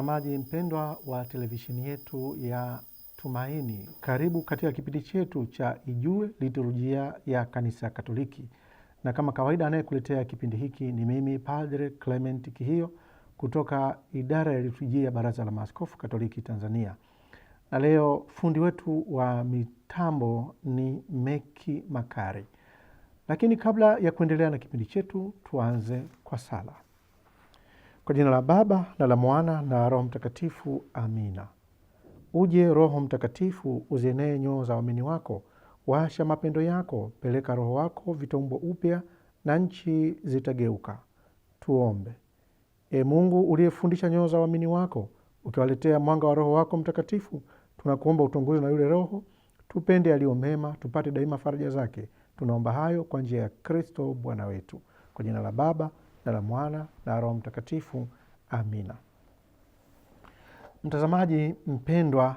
Mtazamaji mpendwa wa televisheni yetu ya Tumaini, karibu katika kipindi chetu cha Ijue Liturujia ya Kanisa Katoliki, na kama kawaida anayekuletea kipindi hiki ni mimi Padre Clement Kihiyo kutoka idara ya liturujia ya Baraza la Maaskofu Katoliki Tanzania, na leo fundi wetu wa mitambo ni Meki Makari. Lakini kabla ya kuendelea na kipindi chetu, tuanze kwa sala. Kwa jina la Baba na la Mwana na Roho Mtakatifu, amina. Uje Roho Mtakatifu, uzienee nyoo za waamini wako, washa mapendo yako, peleka Roho wako, vitaumbwa upya na nchi zitageuka. Tuombe. E Mungu uliyefundisha nyoo za waamini wako, ukiwaletea mwanga wa Roho wako Mtakatifu, tunakuomba utuongoze na yule Roho, tupende aliyo mema, tupate daima faraja zake. Tunaomba hayo kwa njia ya Kristo Bwana wetu. Kwa jina la Baba Jina la Mwana na Roho Mtakatifu. Amina. Mtazamaji mpendwa,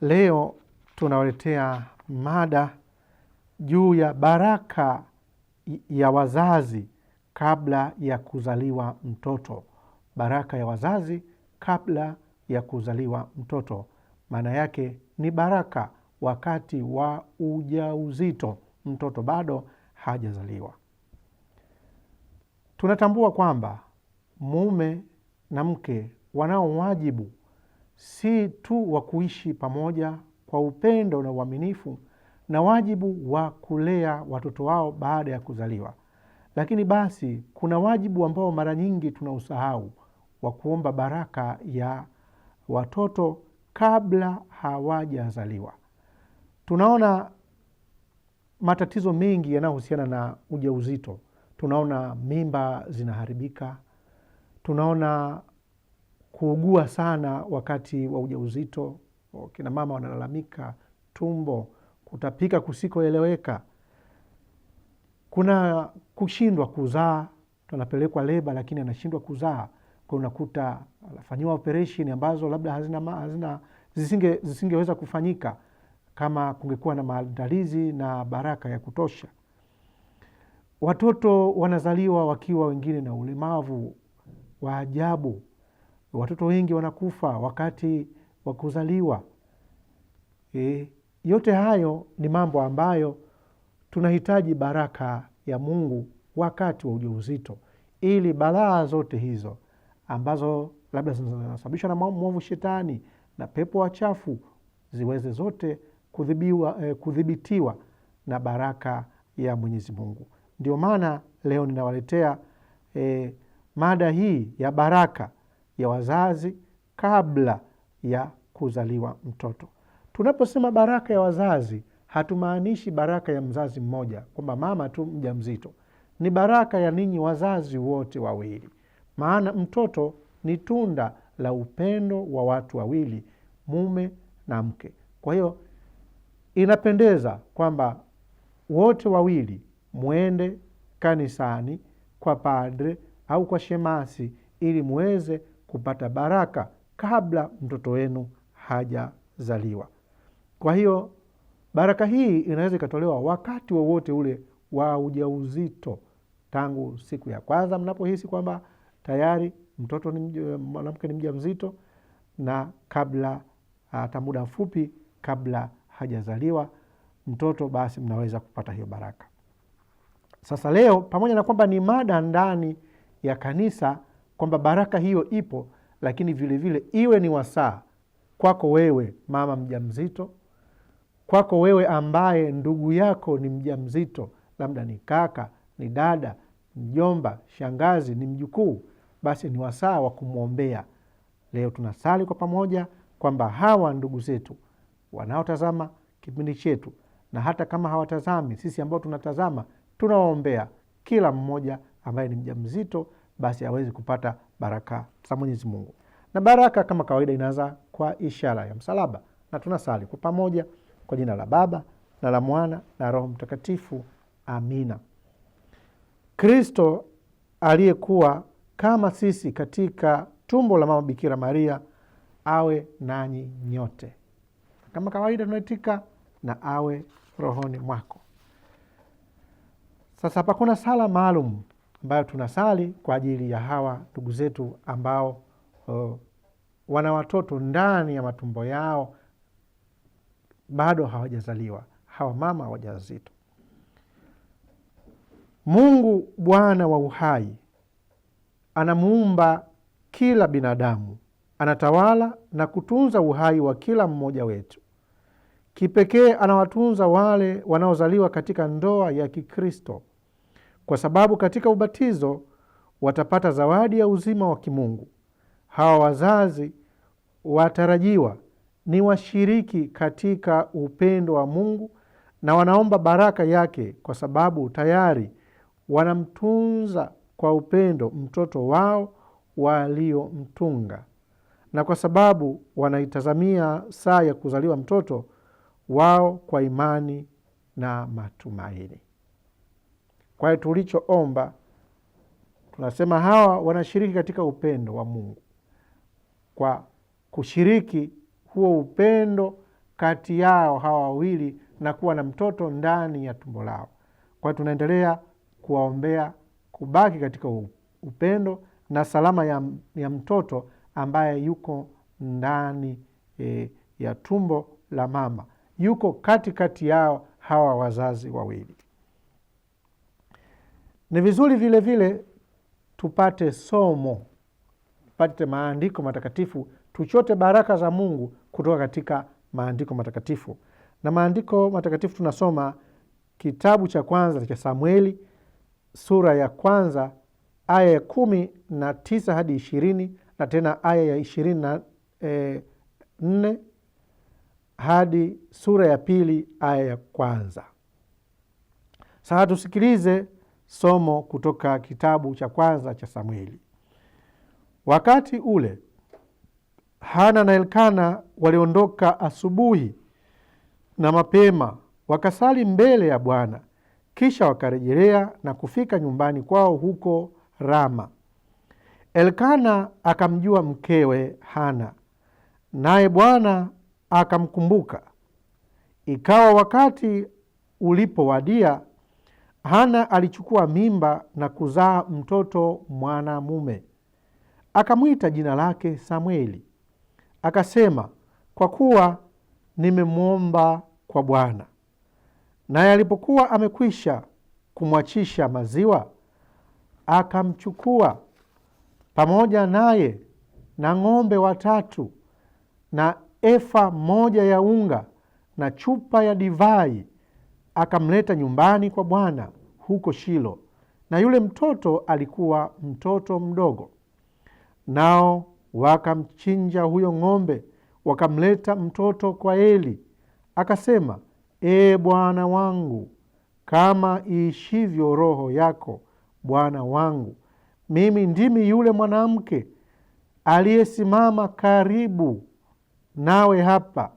leo tunawaletea mada juu ya baraka ya wazazi kabla ya kuzaliwa mtoto. Baraka ya wazazi kabla ya kuzaliwa mtoto, maana yake ni baraka wakati wa ujauzito, mtoto bado hajazaliwa. Tunatambua kwamba mume na mke wanao wajibu si tu wa kuishi pamoja kwa upendo na uaminifu na wajibu wa kulea watoto wao baada ya kuzaliwa, lakini basi kuna wajibu ambao mara nyingi tunausahau wa kuomba baraka ya watoto kabla hawajazaliwa. Tunaona matatizo mengi yanayohusiana na ujauzito tunaona mimba zinaharibika, tunaona kuugua sana wakati wa ujauzito. Kina mama wanalalamika tumbo, kutapika kusikoeleweka, kuna kushindwa kuzaa, tunapelekwa leba lakini anashindwa kuzaa, kwa unakuta anafanyiwa operesheni ambazo labda hazina, hazina zisinge, zisingeweza kufanyika kama kungekuwa na maandalizi na baraka ya kutosha. Watoto wanazaliwa wakiwa wengine na ulemavu wa ajabu. Watoto wengi wanakufa wakati wa kuzaliwa. E, yote hayo ni mambo ambayo tunahitaji baraka ya Mungu wakati wa ujauzito, ili balaa zote hizo ambazo labda zinasababishwa na mwovu shetani na pepo wachafu ziweze zote e, kudhibitiwa na baraka ya Mwenyezi Mungu. Ndio maana leo ninawaletea e, mada hii ya baraka ya wazazi kabla ya kuzaliwa mtoto. Tunaposema baraka ya wazazi hatumaanishi baraka ya mzazi mmoja, kwamba mama tu mja mzito Ni baraka ya ninyi wazazi wote wawili, maana mtoto ni tunda la upendo wa watu wawili, mume na mke. Kwa hiyo inapendeza kwamba wote wawili mwende kanisani kwa padre au kwa shemasi ili muweze kupata baraka kabla mtoto wenu hajazaliwa. Kwa hiyo baraka hii inaweza ikatolewa wakati wowote wa ule wa ujauzito, tangu siku ya kwanza mnapohisi kwamba tayari mtoto ni mwanamke ni mja mzito, na kabla ah, hata muda mfupi kabla hajazaliwa mtoto, basi mnaweza kupata hiyo baraka. Sasa leo pamoja na kwamba ni mada ndani ya kanisa kwamba baraka hiyo ipo, lakini vilevile vile, iwe ni wasaa kwako wewe mama mjamzito, kwako wewe ambaye ndugu yako ni mjamzito, labda ni kaka, ni dada, mjomba, shangazi, ni mjukuu, basi ni wasaa wa kumwombea. Leo tunasali kwa pamoja kwamba hawa ndugu zetu wanaotazama kipindi chetu na hata kama hawatazami, sisi ambao tunatazama tunawaombea kila mmoja ambaye ni mjamzito basi aweze kupata baraka za Mwenyezi Mungu. Na baraka kama kawaida inaanza kwa ishara ya msalaba, na tunasali kwa pamoja kwa jina la Baba na la Mwana na Roho Mtakatifu, amina. Kristo aliyekuwa kama sisi katika tumbo la mama Bikira Maria awe nanyi nyote. Kama kawaida tunaitika na awe rohoni mwako. Sasa hapa kuna sala maalum ambayo tunasali kwa ajili ya hawa ndugu zetu ambao uh, wana watoto ndani ya matumbo yao bado hawajazaliwa, hawa mama wajawazito. Mungu Bwana wa uhai anamuumba kila binadamu, anatawala na kutunza uhai wa kila mmoja wetu. Kipekee anawatunza wale wanaozaliwa katika ndoa ya Kikristo kwa sababu katika ubatizo watapata zawadi ya uzima wa kimungu. Hawa wazazi watarajiwa ni washiriki katika upendo wa Mungu na wanaomba baraka yake, kwa sababu tayari wanamtunza kwa upendo mtoto wao waliomtunga, na kwa sababu wanaitazamia saa ya kuzaliwa mtoto wao kwa imani na matumaini. Kwa hiyo tulichoomba tunasema hawa wanashiriki katika upendo wa Mungu kwa kushiriki huo upendo kati yao hawa wawili na kuwa na mtoto ndani ya tumbo lao. Kwa tunaendelea kuwaombea kubaki katika upendo na salama ya, ya mtoto ambaye yuko ndani e, ya tumbo la mama, yuko katikati yao hawa wazazi wawili. Ni vizuri vile vile tupate somo, tupate maandiko matakatifu, tuchote baraka za Mungu kutoka katika maandiko matakatifu. Na maandiko matakatifu tunasoma kitabu cha kwanza cha Samueli sura ya kwanza aya ya kumi na tisa hadi ishirini na tena aya ya ishirini na e, nne hadi sura ya pili aya ya kwanza. Sasa tusikilize somo kutoka kitabu cha kwanza cha Samueli. Wakati ule Hana na Elkana waliondoka asubuhi na mapema, wakasali mbele ya Bwana, kisha wakarejelea na kufika nyumbani kwao huko Rama. Elkana akamjua mkewe Hana, naye Bwana akamkumbuka. Ikawa wakati ulipowadia Hana alichukua mimba na kuzaa mtoto mwanamume, akamwita jina lake Samueli, akasema, kwa kuwa nimemwomba kwa Bwana. Naye alipokuwa amekwisha kumwachisha maziwa, akamchukua pamoja naye na ng'ombe watatu na efa moja ya unga na chupa ya divai akamleta nyumbani kwa Bwana huko Shilo, na yule mtoto alikuwa mtoto mdogo. Nao wakamchinja huyo ng'ombe, wakamleta mtoto kwa Eli. Akasema, Ee Bwana wangu, kama iishivyo roho yako bwana wangu, mimi ndimi yule mwanamke aliyesimama karibu nawe hapa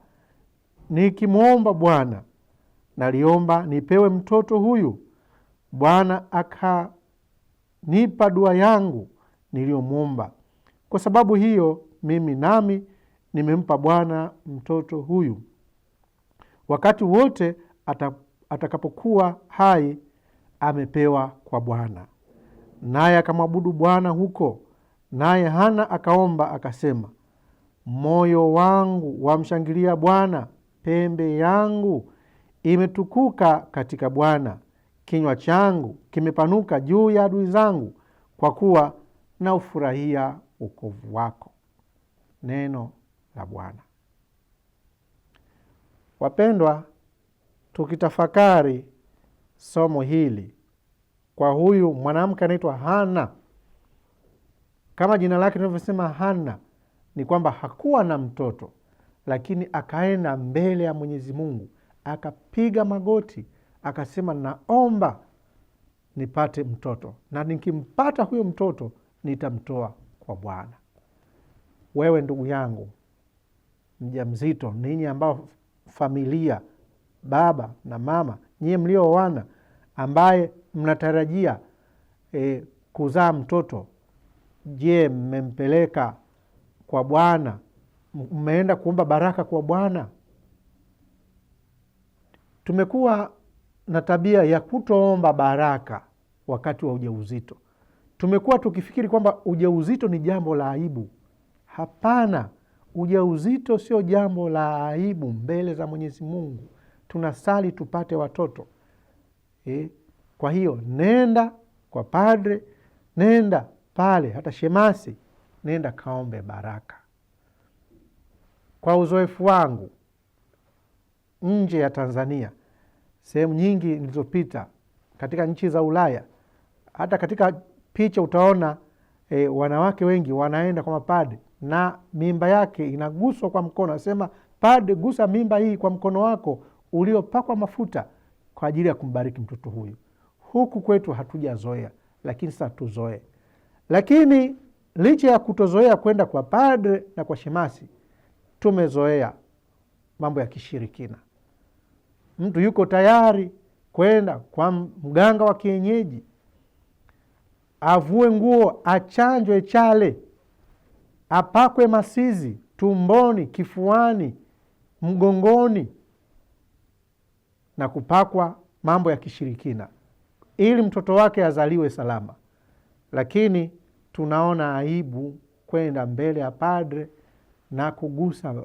nikimwomba Bwana naliomba nipewe mtoto huyu. Bwana akanipa dua yangu niliyomwomba. Kwa sababu hiyo, mimi nami nimempa Bwana mtoto huyu. Wakati wote atakapokuwa hai, amepewa kwa Bwana. Naye akamwabudu Bwana huko. Naye Hana akaomba akasema, moyo wangu wamshangilia Bwana, pembe yangu imetukuka katika Bwana, kinywa changu kimepanuka juu ya adui zangu, kwa kuwa naufurahia ukovu wako. Neno la Bwana. Wapendwa, tukitafakari somo hili kwa huyu mwanamke anaitwa Hana, kama jina lake linavyosema Hana, ni kwamba hakuwa na mtoto, lakini akaenda mbele ya Mwenyezi Mungu akapiga magoti akasema, naomba nipate mtoto, na nikimpata huyo mtoto nitamtoa kwa Bwana. Wewe ndugu yangu mjamzito, ninyi ambao familia, baba na mama, nyie mlioana, ambaye mnatarajia e, kuzaa mtoto, je, mmempeleka kwa Bwana? Mmeenda kuomba baraka kwa Bwana? Tumekuwa na tabia ya kutoomba baraka wakati wa ujauzito. Tumekuwa tukifikiri kwamba ujauzito ni jambo la aibu. Hapana, ujauzito sio jambo la aibu mbele za Mwenyezi Mungu. Tunasali tupate watoto e. Kwa hiyo nenda kwa padre, nenda pale hata shemasi, nenda kaombe baraka. Kwa uzoefu wangu nje ya Tanzania, sehemu nyingi nilizopita katika nchi za Ulaya, hata katika picha utaona e, wanawake wengi wanaenda kwa mapade na mimba yake inaguswa kwa mkono, anasema pade, gusa mimba hii kwa mkono wako uliopakwa mafuta kwa ajili ya kumbariki mtoto huyu. Huku kwetu hatujazoea, lakini sasa tuzoe Lakini licha ya kutozoea kwenda kwa padre na kwa shemasi, tumezoea mambo ya kishirikina mtu yuko tayari kwenda kwa mganga wa kienyeji avue nguo, achanjwe chale, apakwe masizi tumboni, kifuani, mgongoni na kupakwa mambo ya kishirikina ili mtoto wake azaliwe salama. Lakini tunaona aibu kwenda mbele ya padre na kugusa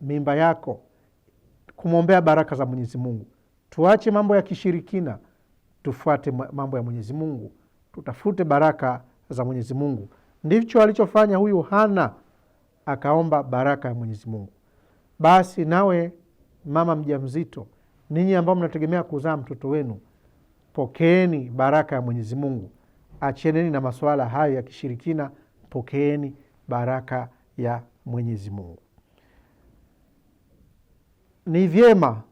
mimba yako kumwombea baraka za Mwenyezi Mungu. Tuache mambo ya kishirikina, tufuate mambo ya Mwenyezi Mungu, tutafute baraka za Mwenyezi Mungu. Ndicho alichofanya huyu Hana, akaomba baraka ya Mwenyezi Mungu. Basi nawe mama mjamzito, ninyi ambao mnategemea kuzaa mtoto wenu, pokeeni baraka ya Mwenyezi Mungu, acheneni na masuala hayo ya kishirikina, pokeeni baraka ya Mwenyezi Mungu ni vyema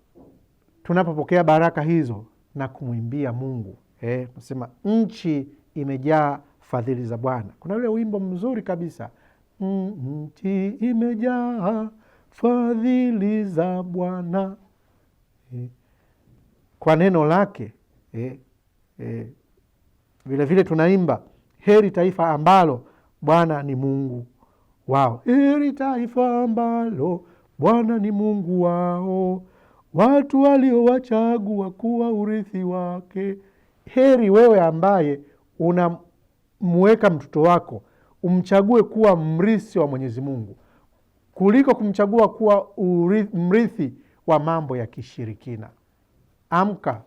tunapopokea baraka hizo na kumwimbia Mungu eh, nasema nchi imejaa fadhili za Bwana. Kuna ule wimbo mzuri kabisa, nchi imejaa fadhili za Bwana eh, kwa neno lake eh, eh, vilevile tunaimba heri taifa ambalo Bwana ni Mungu wao, heri taifa ambalo Bwana ni Mungu wao, watu waliowachagua kuwa urithi wake. Heri wewe ambaye unamweka mtoto wako umchague kuwa mrithi wa Mwenyezi Mungu kuliko kumchagua kuwa mrithi wa mambo ya kishirikina. Amka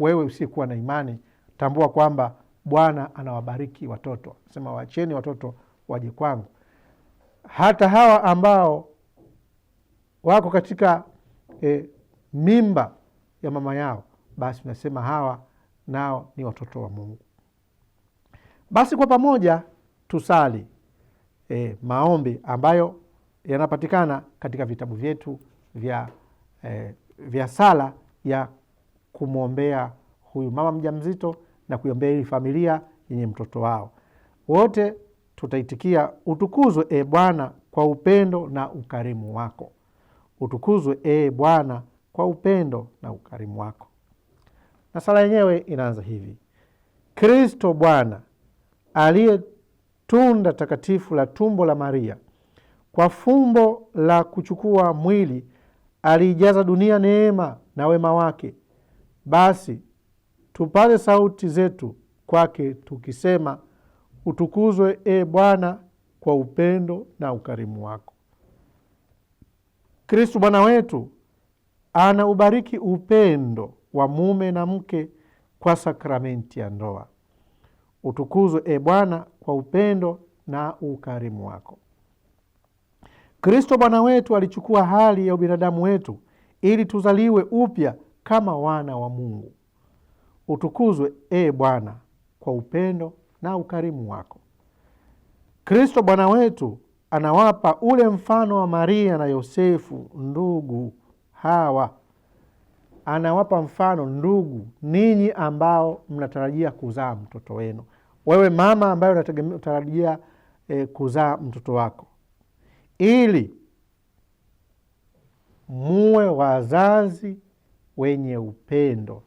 wewe usiyekuwa na imani, tambua kwamba Bwana anawabariki watoto, sema waacheni watoto waje kwangu. Hata hawa ambao wako katika e, mimba ya mama yao, basi unasema hawa nao ni watoto wa Mungu. Basi kwa pamoja tusali e, maombi ambayo yanapatikana katika vitabu vyetu vya, e, vya sala ya kumwombea huyu mama mjamzito na kuiombea hili familia yenye mtoto wao. Wote tutaitikia utukuzwe, e Bwana, kwa upendo na ukarimu wako. Utukuzwe ee Bwana kwa upendo na ukarimu wako. Na sala yenyewe inaanza hivi: Kristo Bwana aliye tunda takatifu la tumbo la Maria, kwa fumbo la kuchukua mwili aliijaza dunia neema na wema wake. Basi tupaze sauti zetu kwake tukisema, utukuzwe e Bwana kwa upendo na ukarimu wako. Kristu Bwana wetu anaubariki upendo wa mume na mke kwa sakramenti ya ndoa. Utukuzwe e Bwana kwa upendo na ukarimu wako. Kristo Bwana wetu alichukua hali ya ubinadamu wetu ili tuzaliwe upya kama wana wa Mungu. Utukuzwe e Bwana kwa upendo na ukarimu wako. Kristo Bwana wetu anawapa ule mfano wa Maria na Yosefu, ndugu hawa, anawapa mfano, ndugu ninyi ambao mnatarajia kuzaa mtoto wenu, wewe mama ambayo unatarajia e, kuzaa mtoto wako, ili muwe wazazi wenye upendo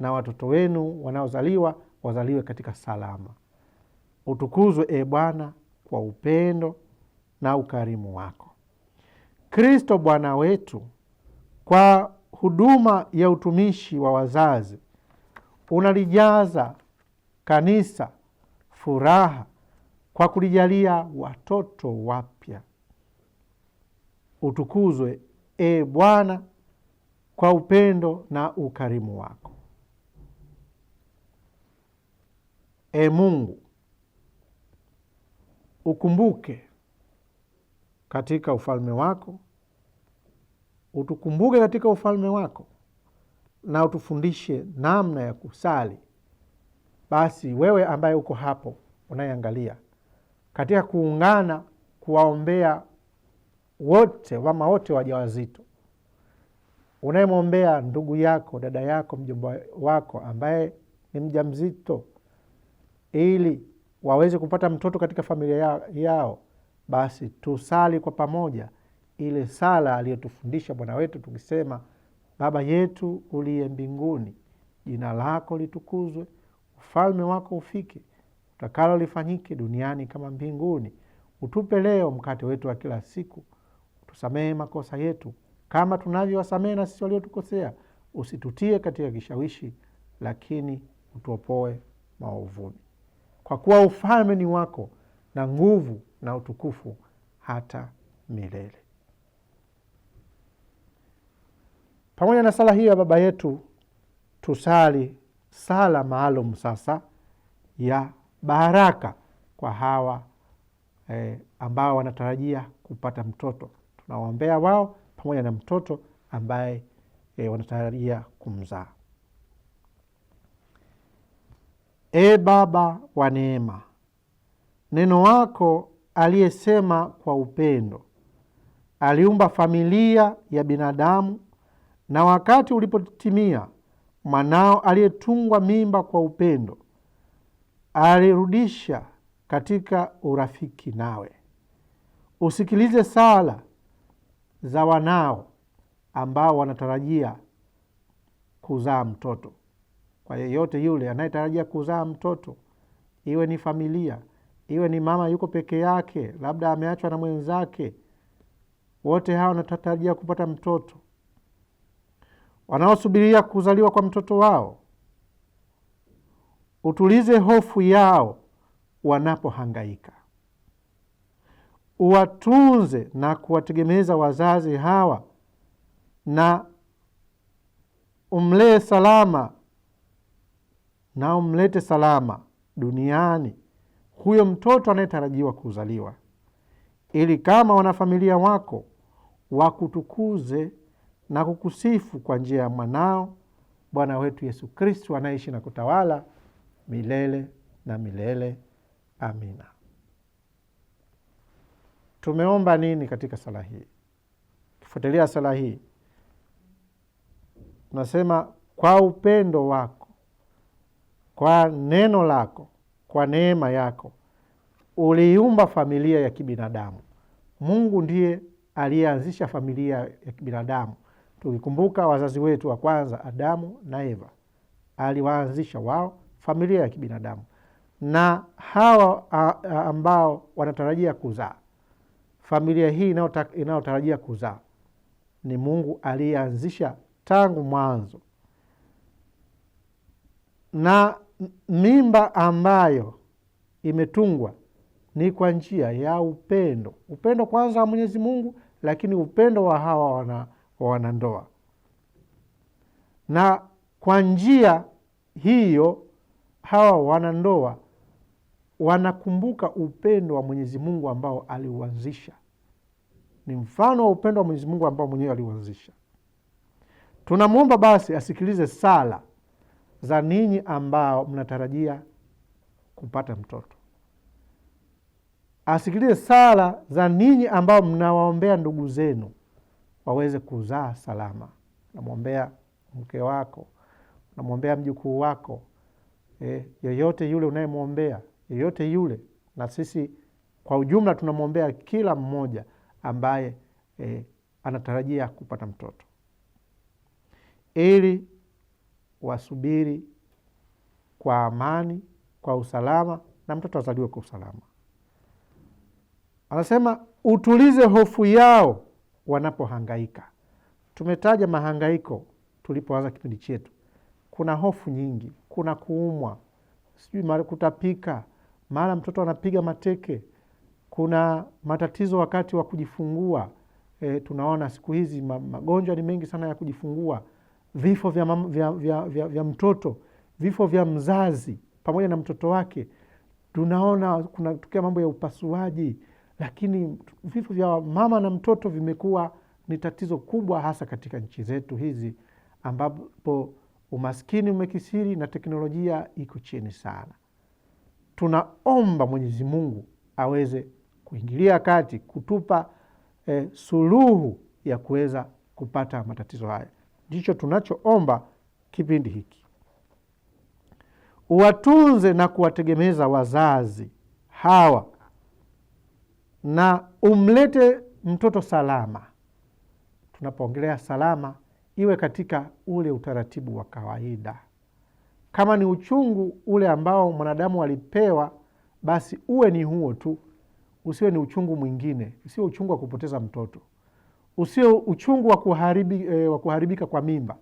na watoto wenu wanaozaliwa wazaliwe katika salama. Utukuzwe e Bwana kwa upendo na ukarimu wako. Kristo Bwana wetu, kwa huduma ya utumishi wa wazazi unalijaza kanisa furaha kwa kulijalia watoto wapya. Utukuzwe e Bwana kwa upendo na ukarimu wako. E Mungu, ukumbuke katika ufalme wako, utukumbuke katika ufalme wako, na utufundishe namna ya kusali. Basi wewe ambaye uko hapo unayeangalia, katika kuungana kuwaombea wote, mama wote wajawazito, unayemwombea ndugu yako, dada yako, mjomba wako ambaye ni mjamzito, ili waweze kupata mtoto katika familia yao basi tusali kwa pamoja ile sala aliyotufundisha Bwana wetu tukisema: Baba yetu uliye mbinguni, jina lako litukuzwe, ufalme wako ufike, utakalo lifanyike duniani kama mbinguni. Utupe leo mkate wetu wa kila siku, utusamehe makosa yetu kama tunavyowasamehe na sisi waliotukosea, usitutie katika kishawishi, lakini utuopoe maovuni, kwa kuwa ufalme ni wako na nguvu na utukufu hata milele. Pamoja na sala hiyo ya Baba yetu, tusali sala maalum sasa ya baraka kwa hawa eh, ambao wanatarajia kupata mtoto. Tunawaombea wao pamoja na mtoto ambaye eh, wanatarajia kumzaa. E Baba wa neema, neno wako aliyesema kwa upendo. Aliumba familia ya binadamu, na wakati ulipotimia, mwanao aliyetungwa mimba kwa upendo alirudisha katika urafiki nawe. Usikilize sala za wanao ambao wanatarajia kuzaa mtoto. Kwa yeyote yule anayetarajia kuzaa mtoto, iwe ni familia iwe ni mama yuko peke yake, labda ameachwa na mwenzake, wote hawa wanatarajia kupata mtoto, wanaosubiria kuzaliwa kwa mtoto wao, utulize hofu yao wanapohangaika, uwatunze na kuwategemeza wazazi hawa, na umlee salama na umlete salama duniani huyo mtoto anayetarajiwa kuzaliwa, ili kama wanafamilia wako wakutukuze na kukusifu kwa njia ya mwanao Bwana wetu Yesu Kristu anaishi na kutawala milele na milele. Amina. Tumeomba nini katika sala hii? kifuatilia sala hii, tunasema kwa upendo wako, kwa neno lako kwa neema yako uliiumba familia ya kibinadamu. Mungu ndiye aliyeanzisha familia ya kibinadamu. Tukikumbuka wazazi wetu wa kwanza Adamu na Eva, aliwaanzisha wao familia ya kibinadamu, na hawa ambao wanatarajia kuzaa, familia hii inayotarajia kuzaa ni Mungu aliyeanzisha tangu mwanzo na mimba ambayo imetungwa ni kwa njia ya upendo, upendo kwanza wa Mwenyezi Mungu, lakini upendo wa hawa wana, wanandoa. Na kwa njia hiyo hawa wanandoa wanakumbuka upendo wa Mwenyezi Mungu ambao aliuanzisha. Ni mfano wa upendo wa Mwenyezi Mungu ambao mwenyewe aliuanzisha. Tunamwomba basi asikilize sala za ninyi ambao mnatarajia kupata mtoto, asikilize sala za ninyi ambao mnawaombea ndugu zenu waweze kuzaa salama. Unamwombea mke wako, unamwombea mjukuu wako, e, eh, yoyote yule unayemwombea, yoyote yule, na sisi kwa ujumla tunamwombea kila mmoja ambaye e, anatarajia kupata mtoto ili wasubiri kwa amani, kwa usalama, na mtoto azaliwe kwa usalama. Anasema utulize hofu yao wanapohangaika. Tumetaja mahangaiko tulipoanza kipindi chetu. Kuna hofu nyingi, kuna kuumwa, sijui mara kutapika, mara mtoto anapiga mateke, kuna matatizo wakati wa kujifungua. E, tunaona siku hizi magonjwa ni mengi sana ya kujifungua vifo vya, mam, vya, vya, vya, vya mtoto, vifo vya mzazi pamoja na mtoto wake. Tunaona kunatokea mambo ya upasuaji, lakini vifo vya mama na mtoto vimekuwa ni tatizo kubwa, hasa katika nchi zetu hizi ambapo umaskini umekisiri na teknolojia iko chini sana. Tunaomba Mwenyezi Mungu aweze kuingilia kati, kutupa eh, suluhu ya kuweza kupata matatizo haya ndicho tunachoomba kipindi hiki. Uwatunze na kuwategemeza wazazi hawa na umlete mtoto salama. Tunapoongelea salama, iwe katika ule utaratibu wa kawaida. Kama ni uchungu ule ambao mwanadamu alipewa, basi uwe ni huo tu, usiwe ni uchungu mwingine, usiwe uchungu wa kupoteza mtoto usio uchungu wa kuharibi, e, wa kuharibika kwa mimba.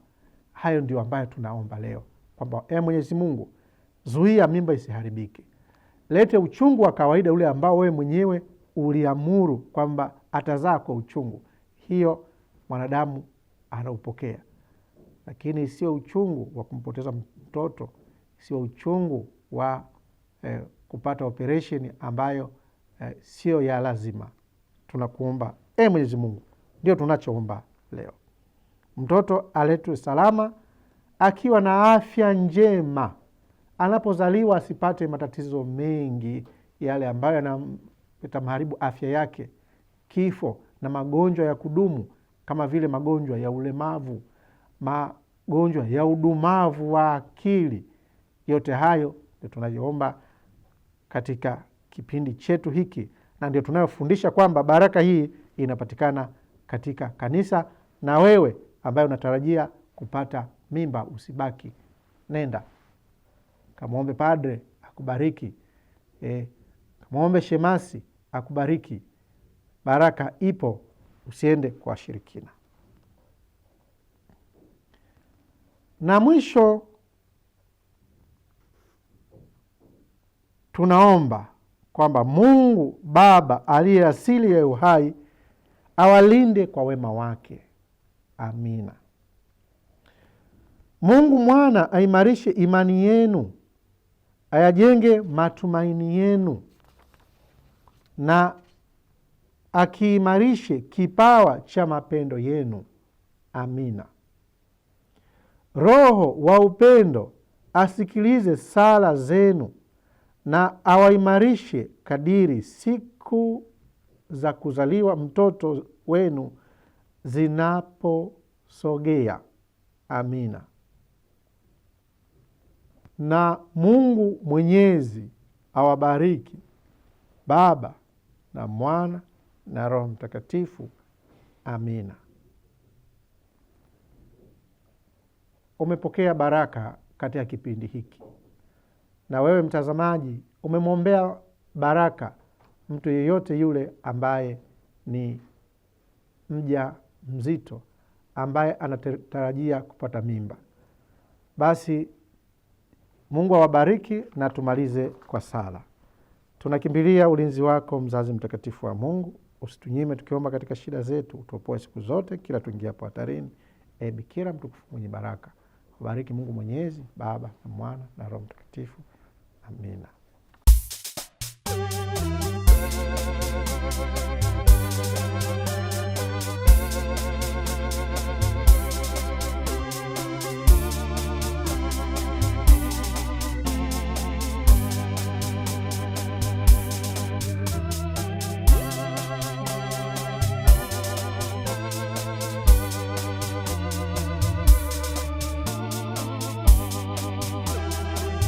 Hayo ndio ambayo tunaomba leo kwamba e, Mwenyezi Mungu zuia mimba isiharibike, lete uchungu wa kawaida ule ambao wewe mwenyewe uliamuru kwamba atazaa kwa uchungu. Hiyo mwanadamu anaupokea, lakini sio uchungu wa kumpoteza mtoto, sio uchungu wa eh, kupata operesheni ambayo eh, sio ya lazima. Tunakuomba e Mwenyezi Mungu ndio tunachoomba leo, mtoto aletwe salama akiwa na afya njema, anapozaliwa asipate matatizo mengi yale ambayo yanatamharibu afya yake, kifo na magonjwa ya kudumu kama vile magonjwa ya ulemavu, magonjwa ya udumavu wa akili. Yote hayo ndio tunayoomba katika kipindi chetu hiki, na ndio tunayofundisha kwamba baraka hii inapatikana katika kanisa. Na wewe ambaye unatarajia kupata mimba, usibaki, nenda kamwombe padre akubariki, e, kamwombe shemasi akubariki. Baraka ipo, usiende kwa shirikina. Na mwisho tunaomba kwamba Mungu Baba aliye asili ya uhai awalinde kwa wema wake. Amina. Mungu Mwana aimarishe imani yenu, ayajenge matumaini yenu, na akiimarishe kipawa cha mapendo yenu. Amina. Roho wa upendo asikilize sala zenu na awaimarishe kadiri siku za kuzaliwa mtoto wenu zinaposogea. Amina. Na Mungu Mwenyezi awabariki Baba na Mwana na Roho Mtakatifu. Amina. Umepokea baraka katika kipindi hiki, na wewe mtazamaji umemwombea baraka mtu yeyote yule ambaye ni mja mzito ambaye anatarajia kupata mimba. Basi Mungu awabariki na tumalize kwa sala. Tunakimbilia ulinzi wako, mzazi mtakatifu wa Mungu, usitunyime tukiomba katika shida zetu, utuopoe siku zote kila tuingiapo hatarini. E Bikira mtukufu mwenye baraka, wabariki Mungu Mwenyezi, Baba na Mwana na Roho Mtakatifu. Amina. Thank you.